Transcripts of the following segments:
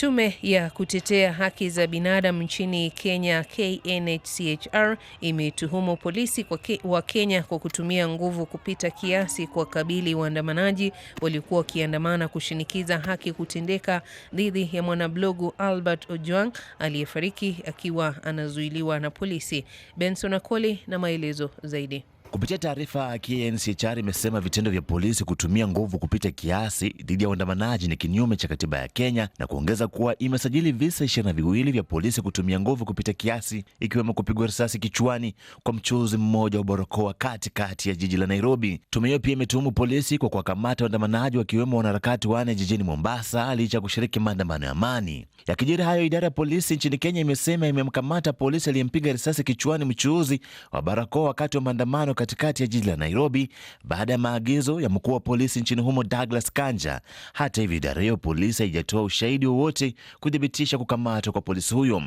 Tume ya kutetea haki za binadamu nchini Kenya KNHCHR imetuhumu polisi ke wa Kenya kwa kutumia nguvu kupita kiasi kwa kabili waandamanaji waliokuwa wakiandamana kushinikiza haki kutendeka dhidi ya mwanablogu Albert Ojwang aliyefariki akiwa anazuiliwa na polisi. Benson Akoli na maelezo zaidi. Kupitia taarifa, KNCHR imesema vitendo vya polisi kutumia nguvu kupita kiasi dhidi ya waandamanaji ni kinyume cha katiba ya Kenya na kuongeza kuwa imesajili visa ishirini na viwili vya polisi kutumia nguvu kupita kiasi, ikiwemo kupigwa risasi kichwani kwa mchuzi mmoja wa barakoa katikati ya jiji la Nairobi. Tume hiyo pia imetuhumu polisi kwa kuwakamata waandamanaji wakiwemo wanaharakati wane jijini Mombasa licha ya kushiriki maandamano ya amani. Yakijiri hayo, idara ya polisi nchini Kenya imesema imemkamata polisi aliyempiga risasi kichwani mchuuzi wa barakoa wakati wa maandamano katikati ya jiji la Nairobi baada ya maagizo ya mkuu wa polisi nchini humo Douglas Kanja. Hata hivyo, idara hiyo polisi haijatoa ushahidi wowote kuthibitisha kukamatwa kwa polisi huyo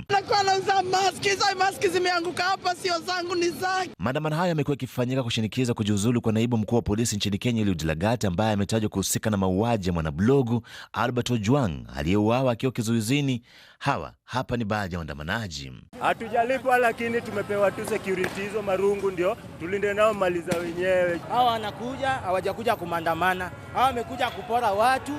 maski za maski zimeanguka hapa, sio zangu, ni zake. Maandamano hayo yamekuwa yakifanyika kushinikiza kujiuzulu kwa naibu mkuu wa polisi nchini Kenya Eliud Lagat, ambaye ametajwa kuhusika na mauaji ya mwanablogu Albert Ojwang aliyeuawa akiwa kizuizini. Hawa hapa ni baadhi ya waandamanaji. Hatujalipwa, lakini tumepewa tu security hizo marungu, ndio tulinde nao mali za wenyewe. Hawa wanakuja, hawajakuja kumandamana, hawa wamekuja kupora watu.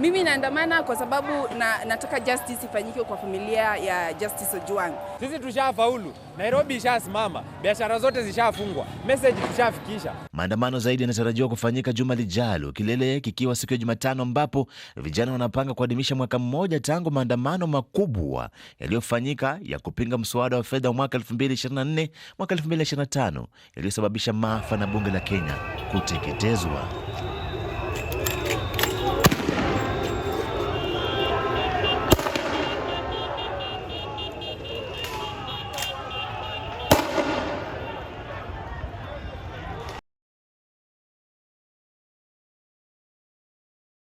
Mimi naandamana kwa sababu na, nataka justice ifanyike kwa familia ya Justice Ojwang. Sisi tushafaulu, Nairobi ishasimama, biashara zote zishafungwa, meseji tushafikisha. Maandamano zaidi yanatarajiwa kufanyika juma lijalo, kilele kikiwa siku ya Jumatano ambapo vijana wanapanga kuadhimisha mwaka mmoja tangu maandamano makubwa yaliyofanyika ya kupinga mswada wa fedha wa mwaka 2024 mwaka 2025 yaliyosababisha maafa na bunge la Kenya kuteketezwa.